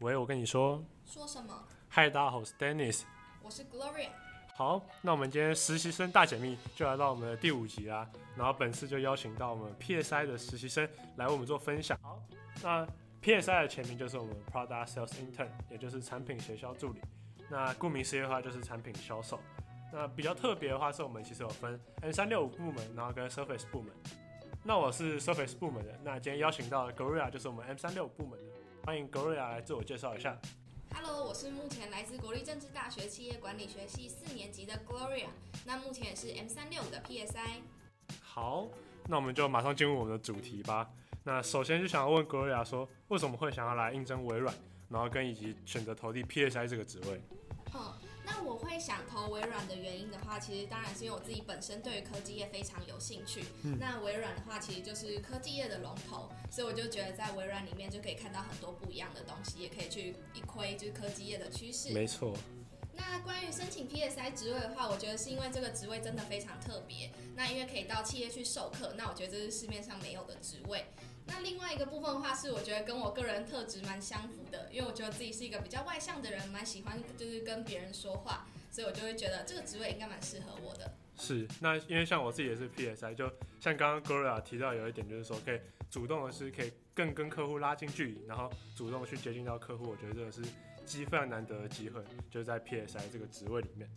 喂，我跟你說。說什麼？嗨，大家好，我是 Dennis。我是 Gloria。好，那我們今天實習生大解密就來到我們的第五集啊，然後本次就邀請到我們 PSI 的實習生來為我們做分享。好，那 PSI 的前名就是我們 Product Sales Intern，也就是產品協銷助理。那顧名思義的話，就是產品銷售。那比較特別的話，是我們其實有分 M 三六五部門，然後跟 Surface 部門。那我是 Surface 部門的，那今天邀請到的 Gloria 就是我們 M 三六五部門的。歡迎格瑞亞來自我介紹一下。Hello，我是目前來自國立政治大學企業管理學系四年級的 Gloria，那目前也是 M 三六的 PSI。好，那我們就馬上進入我們的主題吧。那首先就想要問 Gloria 說，為什麼會想要來應徵微軟，然後跟以及選擇投遞 PSI 這個職位？我會想投微軟的原因的話，其實當然是因為我自己本身對於科技業非常有興趣。嗯，那微軟的話，其實就是科技業的龍頭，所以我就覺得在微軟裡面就可以看到很多不一樣的東西，也可以去一窺就是科技業的趨勢。沒錯。那關於申請 PSI 職位的話，我覺得是因為這個職位真的非常特別。那因為可以到企業去授課，那我覺得這是市面上沒有的職位。另外一個部分的話，是我覺得跟我個人特質蠻相符的，因為我覺得自己是一個比較外向的人，蠻喜歡就是跟別人說話，所以我就會覺得這個職位應該蠻適合我的。是，那因為像我自己也是 PSI，就像剛剛 Gloria 提到有一點，就是說可以主動的是可以更跟客戶拉近距離，然後主動去接近到客戶，我覺得這個是機非常難得的機會，就是在 PSI 這個職位裡面。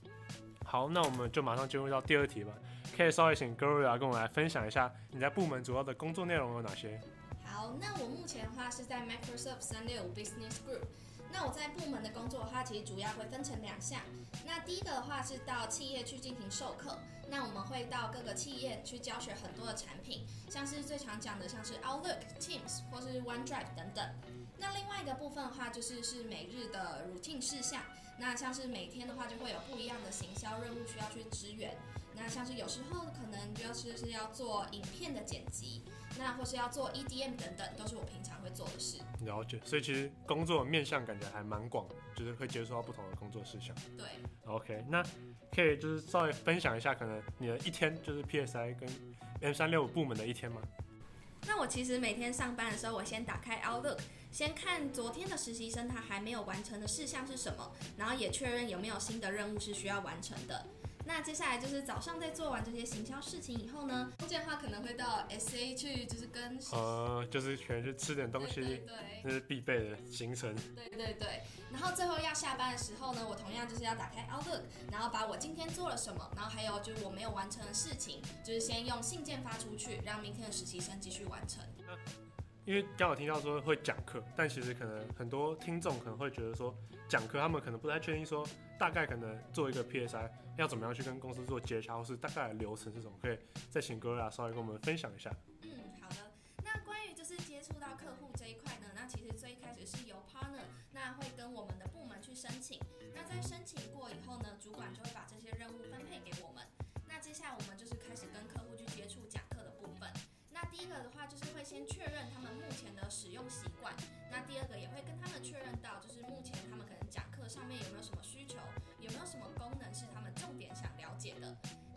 好，那我們就馬上進入到第二題吧。可以稍微請 Gloria 跟我來分享一下你在部門主要的工作內容有哪些？那我目前的話是在 Microsoft 365 Business Group。那我在部門的工作的話，其實主要會分成兩項。那第一個的話是到企業去進行授課，那我們會到各個企業去教學很多的產品，像是最常講的像是 Outlook, Teams 或是 OneDrive 等等。那另外一個部分的話，就是是每日的 routine 事項。那像是每天的話，就會有不一樣的行銷任務需要去支援。那像是有時候可能就是是要做影片的剪輯。或是要做 EDM 等等，都是我平常會做的事。了解，所以其實工作面向感覺還蠻廣，就是會接觸到不同的工作事項。對，OK，那可以就是稍微分享一下，可能你的一天就是 PSI 跟 M 三六部門的一天嗎？那我其實每天上班的時候，我先打開 Outlook，先看昨天的實習生他還沒有完成的事項是什麼，然後也確認有沒有新的任務是需要完成的。那接下來就是早上在做完這些行銷事情以後呢，中間的話可能會到 SA 去，就是跟呃，就是全去吃點東西，對對，對，這，就是必備的行程。對對對，然後最後要下班的時候呢，我同樣就是要打開 Outlook，然後把我今天做了什麼，然後還有就是我沒有完成的事情，就是先用信件發出去，讓明天的實習生繼續完成。嗯因為剛好聽到說會講課，但其實可能很多聽眾可能會覺得說講課，他們可能不太確定說大概可能做一個 PSI 要怎麼樣去跟公司做接洽，或是大概的流程這種，可以再請各位啊稍微跟我們分享一下。嗯，好的。那關於就是接觸到客戶這一塊呢，那其實最一開始是由 partner 那會跟我們的部門去申請，那在申請過以後呢，主管就會把這些任務分配給。先確認他們目前的使用習慣，那第二個也會跟他們確認到，就是目前他們可能講課上面有沒有什麼需求，有沒有什麼功能是他們重點想了解的。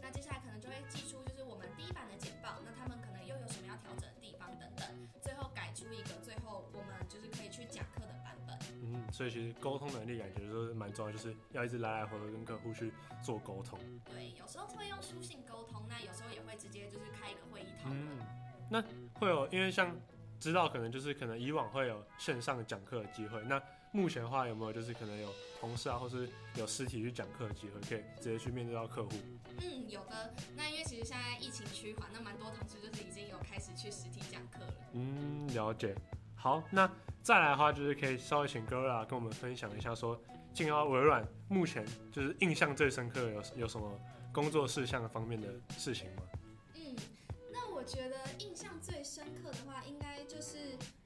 那接下來可能就會寄出就是我們第一版的簡報，那他們可能又有什麼要調整的地方等等，最後改出一個最後我們就是可以去講課的版本。嗯，所以其實溝通能力感覺就是蠻重要，就是要一直來來回回跟客戶去做溝通。對，有時候會用書信溝通，那有時候也會直接就是開一個會議討論。嗯那會有，因為像知道可能就是可能以往會有線上講課的機會，那目前的話有沒有就是可能有同事啊或是有實體去講課的機會，可以直接去面對到客戶？嗯，有的。那因為其實現在疫情趨緩，那蠻多同事就是已經有開始去實體講課了。嗯，了解。好，那再來的話就是可以稍微請 Gloria 跟我們分享一下說，說進到微軟目前就是印象最深刻有有什麼工作事項方面的事情嗎？覺得印象最深刻的話，應該就是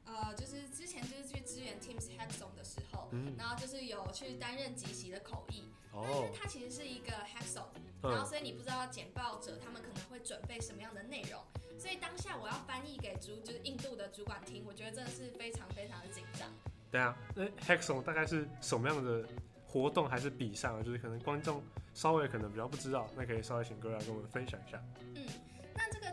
呃，就是之前就是去支援 Teams Hexon 的時候，嗯、然後就是有去擔任即席的口譯。哦。他其實是一個 Hexon，嗯、然後所以你不知道簡報者他們可能會準備什麼樣的內容，所以當下我要翻譯給主就是印度的主管聽，我覺得真的是非常非常的緊張。對啊，那 Hexon 大概是什麼樣的活動還是比賽啊，就是可能觀眾稍微可能比較不知道，那可以稍微請各位來跟我們分享一下。嗯。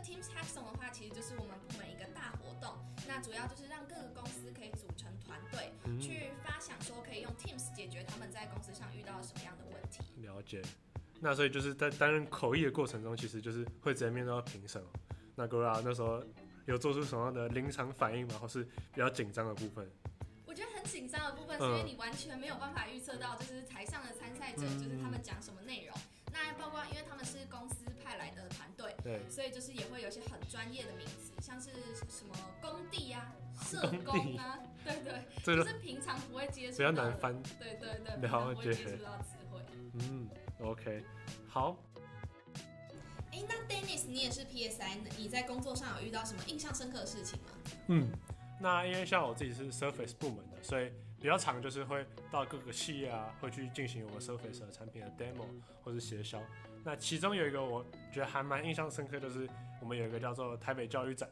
Teams Hackathon 的話，其實就是我們部門一個大活動，那主要就是讓各個公司可以組成團隊，嗯、去發想，說可以用 Teams 解決他們在公司上遇到什麼樣的問題。了解，那所以就是在擔任口譯的過程中，其實就是會直接面對到評審。哦。那 Gloria 那時候有做出什麼樣的臨場反應嗎？或是比較緊張的部分？我覺得很緊張的部分是因為你完全沒有辦法預測到，就是台上的參賽者，嗯、就是他們講什麼內容。那包括，因為他們是公司派來的團隊，對，所以就是也會有一些很專業的名詞，像是什麼工地呀、啊、社工啊，對對，對，這個、是平常不會接觸比較難翻，對對對，好，不會接觸到詞彙。嗯，OK，好。哎、欸，那 Dennis，你也是 PSI，你在工作上有遇到什麼印象深刻的事情嗎？嗯，那因為像我自己是 Surface 部門的，所以。比較常，就是會到各個企業啊，會去進行我們 Surface 的產品的 Demo 或是協銷。那其中有一個我覺得還蠻印象深刻，就是我們有一個叫做台北教育展，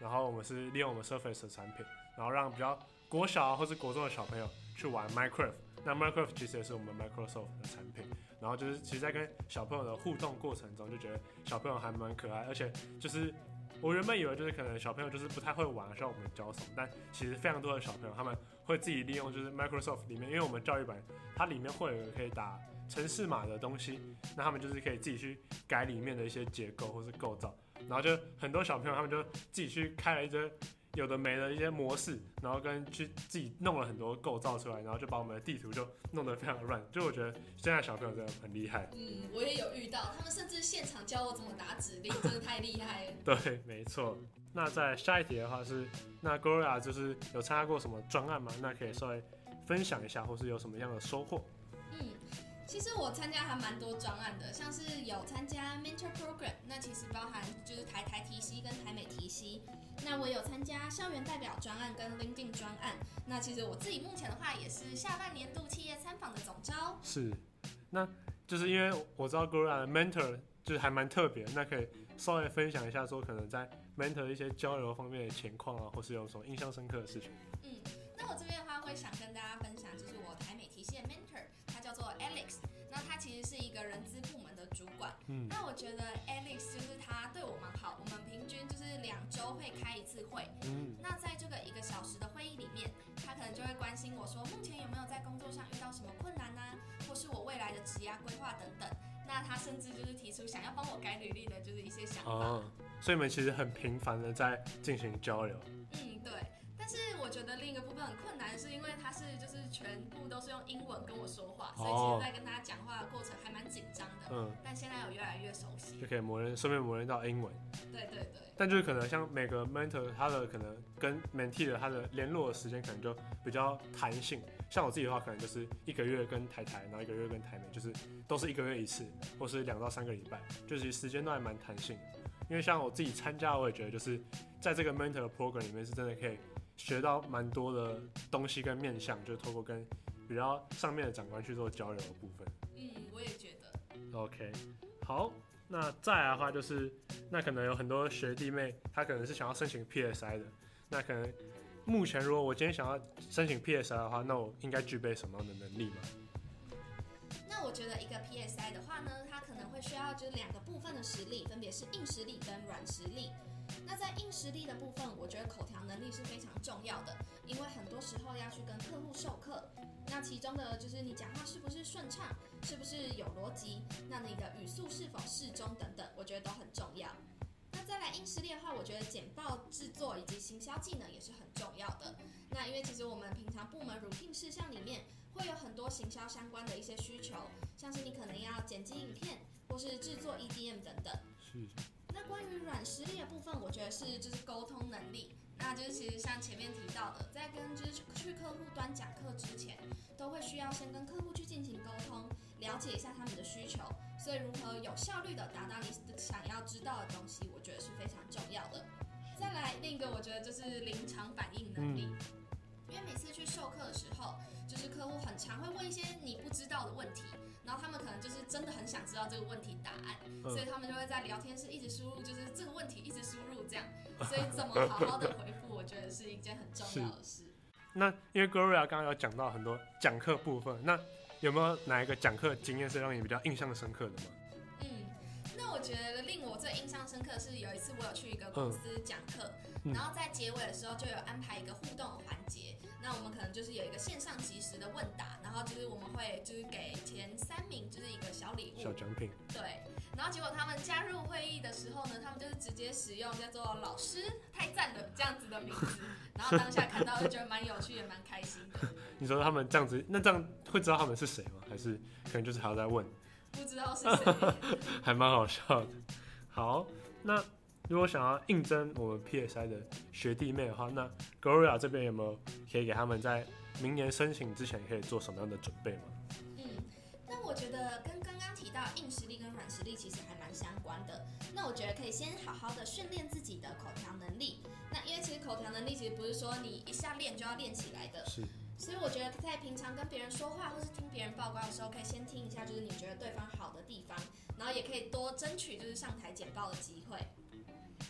然後我們是利用我們 Surface 的產品，然後讓比較國小、啊、或是國中的小朋友去玩 Minecraft。那 Minecraft 其實也是我們 Microsoft 的產品。然後就是其實在跟小朋友的互動過程中，就覺得小朋友還蠻可愛，而且就是。我原本以為就是可能小朋友就是不太會玩，需要我們教什麼，但其實非常多的小朋友他們會自己利用就是 Microsoft 裡面，因為我們教育版它裡面會有可以打程式碼的東西，那他們就是可以自己去改裡面的一些結構或是構造，然後就很多小朋友他們就自己去開了一些。有的沒的一些模式，然後跟去自己弄了很多構造出來，然後就把我們的地圖就弄得非常亂。就我覺得現在小朋友真的很厲害。嗯，我也有遇到，他們甚至現場教我怎麼打指令， 真的太厲害了。對，沒錯。那在下一題的話是，那 Gloria 就是有參加過什麼專案嗎？那可以稍微分享一下，或是有什麼樣的收穫？其實我參加還蠻多專案的，像是有參加 mentor program，那其實包含就是台台提 C 跟台美提 C，那我有參加校園代表專案跟 LinkedIn 專案。那其實我自己目前的話也是下半年度企業參訪的總招。是，那就是因為我知道 Gloria 的 mentor 就是還蠻特別，那可以稍微分享一下說可能在 mentor 一些交流方面的情況啊，或是有什麼印象深刻的事情。嗯，那我這邊的話會想跟。嗯，那我覺得 Alice 就是他對我們好，我們平均就是兩周會開一次會。嗯，那在這個一個小時的會議裡面，他可能就會關心我說，目前有沒有在工作上遇到什麼困難呢？啊？或是我未來的職業規劃等等。那他甚至就是提出想要幫我改履歷的，就是一些想法。嗯。所以你們其實很頻繁的在進行交流。嗯，對。但是我覺得另一個部分很困難，是因為他是。全部都是用英文跟我說話，所以我在跟大家講話的過程還蠻緊張的。哦、嗯，但現在我越來越熟悉，就可以磨練，順便磨練到英文。對對對。但就是可能像每個 mentor，他的可能跟 mentee 的他的聯絡的時間可能就比較彈性。像我自己的話，可能就是一個月跟台台，然後一個月跟台美，就是都是一個月一次，或是兩到三個禮拜，就是時間段還蠻彈性的。因為像我自己參加，我也覺得就是在這個 mentor program 裡面是真的可以。學到蠻多的東西跟面向，就透過跟比較上面的長官去做交流的部分。嗯，我也覺得。OK，好，那再來的話就是，那可能有很多學弟妹，他可能是想要申請 PSI 的。那可能目前如果我今天想要申請 PSI 的話，那我應該具備什麼樣的能力嗎？那我覺得一個 PSI 的話呢，它可能會需要就是兩個部分的實力，分別是硬實力跟軟實力。那在硬實力的部分，我覺得口條能力是非常重要的，因為很多時候要去跟客戶授課，那其中的就是你講話是不是順暢，是不是有邏輯，那你的語速是否適中等等，我覺得都很重要。那再來硬實力的話，我覺得簡報製作以及行銷技能也是很重要的。那因為其實我們平常部門 routine 事項裡面，會有很多行銷相關的一些需求，像是你可能要剪輯影片，或是製作 EDM 等等。那關於軟實力的部分，我覺得是就是溝通能力，那就是其實像前面提到的，在跟就是去客戶端講課之前，都會需要先跟客戶去進行溝通，了解一下他們的需求，所以如何有效率地達到你想要知道的東西，我覺得是非常重要的。再來另一個我覺得就是臨場反應能力，嗯，因為每次去授課的時候，就是客戶很常會問一些你不知道的問題。然後他們可能就是真的很想知道這個問題答案、嗯，所以他們就會在聊天室一直輸入，就是這個問題一直輸入這樣。所以怎麼好好的回復，我覺得是一件很重要的事。嗯、那因為 Gloria 剛剛有講到很多講課部分，那有沒有哪一個講課經驗是讓你比較印象深刻的嗎？嗯，那我覺得令我最印象深刻的是，有一次我有去一個公司講課、嗯，然後在結尾的時候就有安排一個互動環節。那我們可能就是有一個線上即時的問答，然後就是我們會就是給前三名就是一個小禮物，小獎品，對。然後結果他們加入會議的時候呢，他們就是直接使用叫做“老師太讚了”這樣子的名字， 然後當下看到就覺得蠻有趣也蠻開心的。 你說他們這樣子，那這樣會知道他們是誰嗎？還是可能就是還要再問？不知道是誰， 還蠻好笑的。好，那。如果想要應徵我們 PSI 的學弟妹的話，那 Gloria 這邊有沒有可以給他們在明年申請之前可以做什麼樣的準備嗎？嗯，那我覺得跟剛剛提到硬實力跟軟實力其實還蠻相關的。那我覺得可以先好好的訓練自己的口條能力。那因為其實口條能力其實不是說你一下練就要練起來的。是。所以我覺得在平常跟別人說話或是聽別人報告的時候，可以先聽一下就是你覺得對方好的地方，然後也可以多爭取就是上台簡報的機會。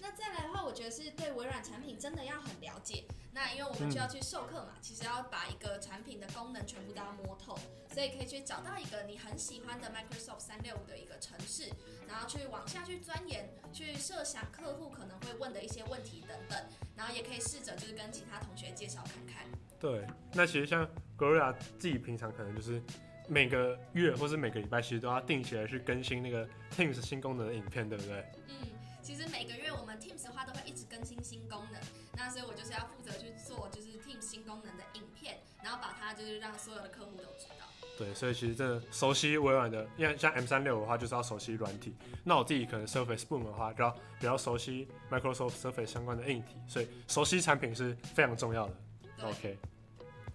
那再來的話，我覺得是對微軟產品真的要很了解。那因為我們就要去授課嘛、嗯，其實要把一個產品的功能全部都要摸透，所以可以去找到一個你很喜歡的 Microsoft 三六五的一個程式，然後去往下去鑽研，去設想客戶可能會問的一些問題等等，然後也可以試着就是跟其他同學介紹看看。對，那其實像 Gloria 自己平常可能就是每個月或是每個禮拜，其實都要定起來去更新那個 Teams 新功能的影片，對不對？嗯。其實每個月我們 Teams 的話都會一直更新新功能，那所以我就是要負責去做，就是 Teams 新功能的影片，然後把它就是讓所有的客戶都知道。對，所以其實真的熟悉微軟的，因為像 M 三六的話就是要熟悉軟體，那我自己可能 Surface 部門的話比較比較熟悉 Microsoft Surface 相關的硬體，所以熟悉產品是非常重要的。OK，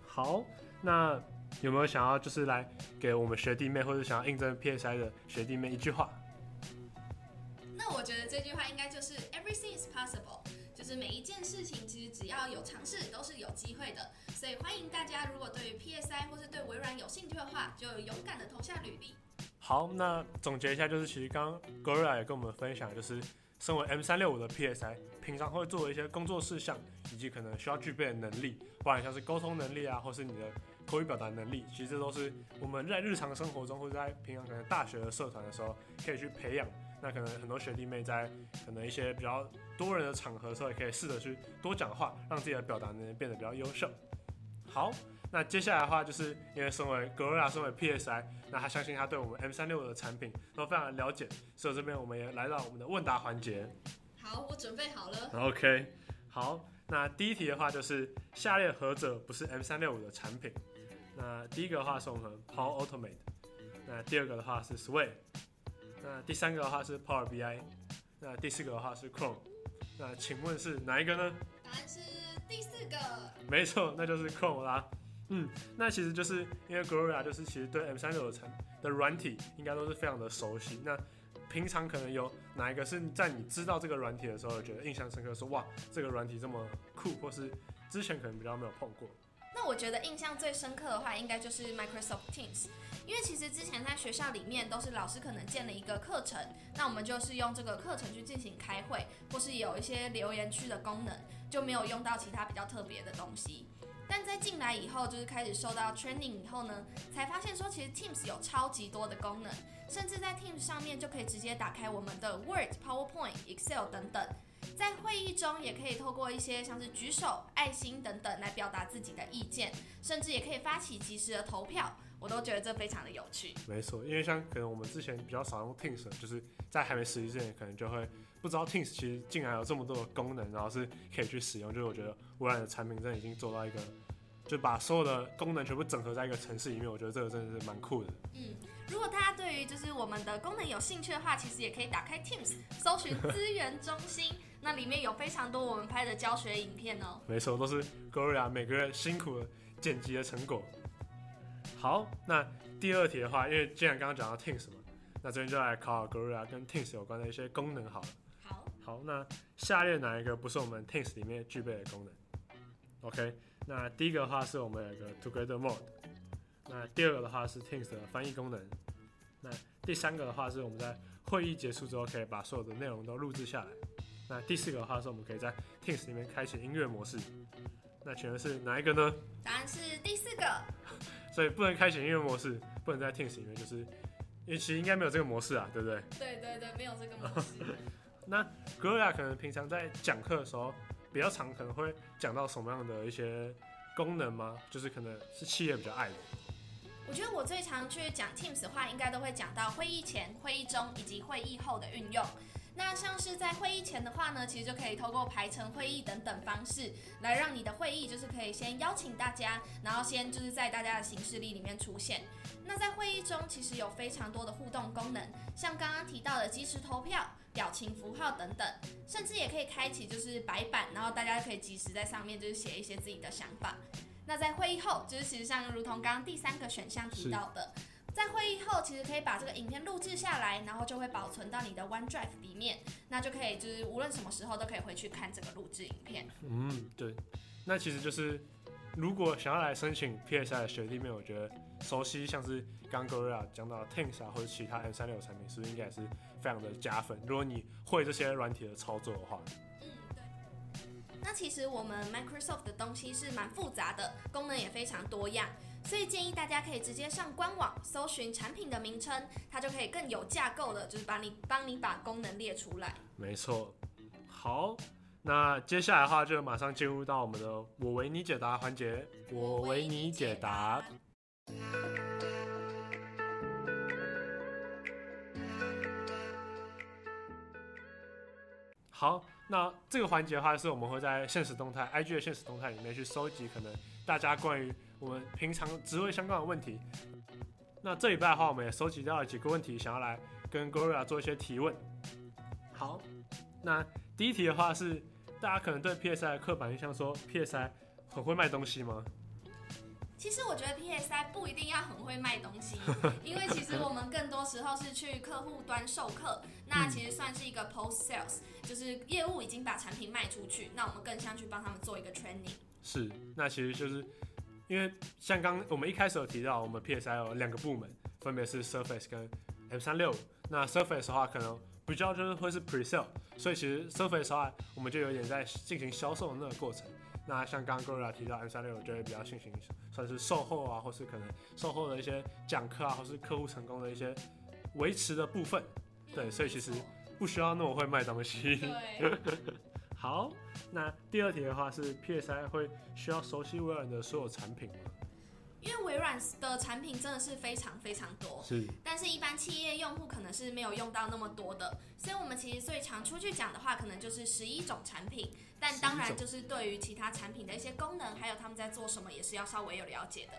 好，那有沒有想要就是來給我們學弟妹或者想要應徵 PSI 的學弟妹一句話？我覺得這句話應該就是 everything is possible，就是每一件事情其實只要有嘗試都是有機會的。所以歡迎大家，如果對於 PSI 或是對微軟有興趣的話，就有勇敢的投下履歷。好，那總結一下，就是其實剛剛 Gloria 也跟我們分享，就是身為 M 三六五的 PSI，平常會做一些工作事項，以及可能需要具備的能力，或者像是溝通能力啊，或是你的口語表達能力。其實這都是我們在日常生活中，或者在平常可能大學的社團的時候，可以去培養。那可能很多學弟妹在可能一些比較多人的場合的時候，也可以試着去多講話，讓自己的表達能力變得比較優秀。好，那接下來的話就是因為身為 Gloria，身為 PSI，那他相信他對我們 M365 的產品都非常了解，所以這邊我們也來到我們的問答環節。好，我準備好了。OK，好，那第一題的話就是下列何者不是 M365 的產品？那第一個的話是我們 Power Automate，那第二個的話是 Sway。那第三個的話是 Power BI，那第四個的話是 Chrome，那請問是哪一個呢？答案是第四個，沒錯，那就是 Chrome 啦。嗯，那其實就是因為 Gloria 就是其實對 M365 產的軟體應該都是非常的熟悉。那平常可能有哪一個是在你知道這個軟體的時候覺得印象深刻說，說哇這個軟體這麼酷，或是之前可能比較沒有碰過。那我覺得印象最深刻的話，應該就是 Microsoft Teams，因為其實之前在學校裡面都是老師可能建了一個課程，那我們就是用這個課程去進行開會，或是有一些留言區的功能，就沒有用到其他比較特別的東西。但在進來以後，就是開始收到 training 以後呢，才發現說其實 Teams 有超級多的功能，甚至在 Teams 上面就可以直接打開我們的 Word、PowerPoint、Excel 等等。在會議中也可以透過一些像是舉手、愛心等等來表達自己的意見，甚至也可以發起即時的投票，我都覺得這非常的有趣。沒錯，因為像可能我們之前比較少用 Teams，就是在還沒實習之前，可能就會不知道 Teams 其實竟然有這麼多的功能，然後是可以去使用。就是我覺得微軟的產品真的已經做到一個，就把所有的功能全部整合在一個程式裡面，我覺得這個真的是蠻酷的。嗯，如果大家對於就是我們的功能有興趣的話，其實也可以打開 Teams，搜尋資源中心。 那裡面有非常多我們拍的教學影片哦，沒錯，都是 Gloria 每個人辛苦的剪輯的成果。好，那第二題的話，因為既然剛剛講到 Teams 嘛，那這邊就來考考 Gloria 跟 Teams 有關的一些功能好了。好，好，那下列哪一個不是我們 Teams 裡面具備的功能？OK，那第一個的話是我們有一個 Together Mode，那第二個的話是 Teams 的翻譯功能，那第三個的話是我們在會議結束之後可以把所有的內容都錄製下來。那第四個的話是，我們可以在 Teams 裡面開啟音樂模式。那請問是哪一個呢？答案是第四個。 所以不能開啟音樂模式，不能在 Teams 裡面，就是，因為其實應該沒有這個模式啊，對不對？對對對，沒有這個模式。 那 Gloria 可能平常在講課的時候，比較常可能會講到什麼樣的一些功能嗎？就是可能是企業比較愛的。我覺得我最常去講 Teams 的話，應該都會講到會議前、會議中以及會議後的運用。那像是在會議前的話呢，其實就可以透過排程會議等等方式來讓你的會議就是可以先邀請大家，然後先就是在大家的行事曆裡面出現。那在會議中其實有非常多的互動功能，像剛剛提到的即時投票、表情符號等等，甚至也可以開啟就是白板，然後大家可以即時在上面就是寫一些自己的想法。那在會議後，就是其實像如同剛剛第三個選項提到的。在會議後，其實可以把這個影片錄製下來，然後就會保存到你的 OneDrive 裡面，那就可以就是無論什麼時候都可以回去看這個錄製影片。嗯，對。那其實就是，如果想要來申請 PSI 的學弟妹，我覺得熟悉像是剛剛 Gloria 講到的 Teams 啊，或者其他 M365 產品，是不是應該也是非常的加分？如果你會這些軟體的操作的話。嗯，對。那其實我們 Microsoft 的東西是蠻複雜的，功能也非常多樣。所以建議大家可以直接上官網，搜尋產品的名稱，它就可以更有架構的，就是把你幫你把功能列出來。沒錯。好，那接下來的話就馬上進入到我們的我“我為你解答”環節，“我為你解答”。好，那這個環節的話，是我們會在現實動態、IG 的現實動態裡面去蒐集可能大家關於，我們平常職位相關的問題，那這禮拜的話，我們也收集到了幾個問題，想要來跟 Gloria 做一些提問。好，那第一題的話是，大家可能對 PSI 的刻板印象說，PSI 很會賣東西嗎？其實我覺得 PSI 不一定要很會賣東西， 因為其實我們更多時候是去客戶端授課， 那其實算是一個 post sales，就是業務已經把產品賣出去，那我們更像去幫他們做一個 training。是，那其實就是。因為像剛我們一開始有提到，我們 PSI 有兩個部門，分別是 Surface 跟 M365。那 Surface 的話，可能比較就是會是 Pre-sale，所以其實 Surface 的話，我們就有點在進行銷售的那個過程。那像剛剛 Gloria 提到 M365，我覺得比較慶幸算是售後啊，或是可能售後的一些講課啊，或是客戶成功的一些維持的部分。對，所以其實不需要那麼會賣東西。對 好。那第二題的話是，PSI 會需要熟悉微軟的所有產品嗎？因為微軟的產品真的是非常非常多，是。但是，一般企業用戶可能是沒有用到那麼多的，所以我們其實最常出去講的話，可能就是十一種產品。但當然，就是對於其他產品的一些功能，還有他們在做什麼，也是要稍微有了解的。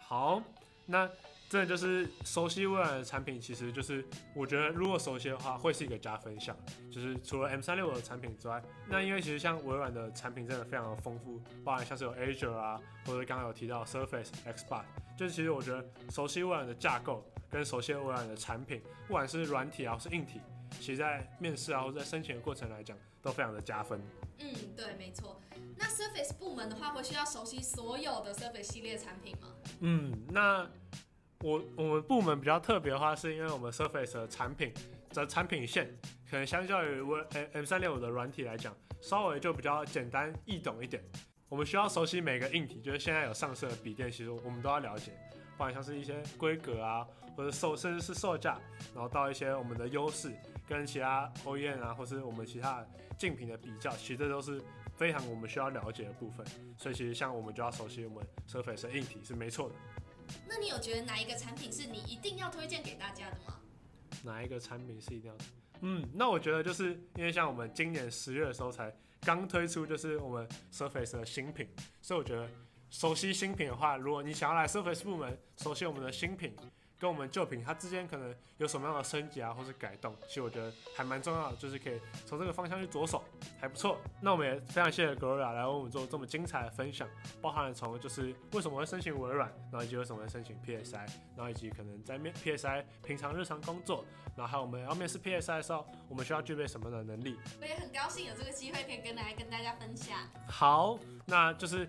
好，那。這就是熟悉微軟的產品，其實就是我覺得如果熟悉的話，會是一個加分項。就是除了 M 三六五的產品之外，那因為其實像微軟的產品真的非常的豐富，包含像是有 Azure 啊，或者剛剛有提到 Surface Xbox，就是其實我覺得熟悉微軟的架構，跟熟悉微軟的產品，不管是軟體啊，或是硬體，其實在面試啊，或者在申請的過程來講，都非常的加分。嗯，對，沒錯。那 Surface 部門的話，會需要熟悉所有的 Surface 系列產品嗎？嗯，那。我我們部門比較特別的話，是因為我們 Surface 的產品的產品線，可能相較於 M365 的軟體來講，稍微就比較簡單易懂一點。我們需要熟悉每個硬體，就是現在有上市的筆電，其實我們都要了解，不管像是一些規格啊，或者售甚至是售價，然後到一些我們的優勢跟其他 OEM 啊，或是我們其他競品的比較，其實這都是非常我們需要了解的部分。所以其實像我們就要熟悉我們 Surface 的硬體是沒錯的。那你有覺得哪一個產品是你一定要推薦給大家的嗎？哪一個產品是一定要的？嗯，那我覺得就是因為像我們今年十月的時候才剛推出，就是我們 Surface 的新品，所以我覺得熟悉新品的話，如果你想要來 Surface 部門熟悉我們的新品。跟我們舊品它之間可能有什麼樣的升級啊，或是改動，其實我覺得還蠻重要的，就是可以從這個方向去着手，還不錯。那我們也非常謝謝 Gloria 來為我們做這麼精彩的分享，包含了從就是為什麼會申請微軟，然後以及為什麼會申請 PSI，然後以及可能在面 PSI 平常日常工作，然後還有我們要面試 PSI 的時候，我們需要具備什麼的能力。我也很高興有這個機會可以跟大家跟大家分享。好，那就是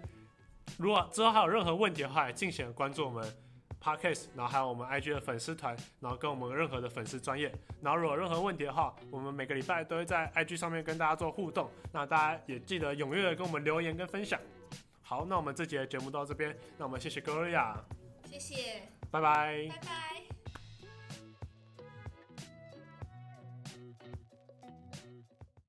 如果之後還有任何問題的話，也敬請關注我們。Podcast 然後還有我們 IG 的粉絲團，然後跟我們任何的粉絲專頁，然後如果有任何問題的話，我們每個禮拜都會在 IG 上面跟大家做互動，那大家也記得踴躍的跟我們留言跟分享。好，那我們這節節目到這邊，那我們謝謝 Gloria，謝謝，拜拜，拜拜。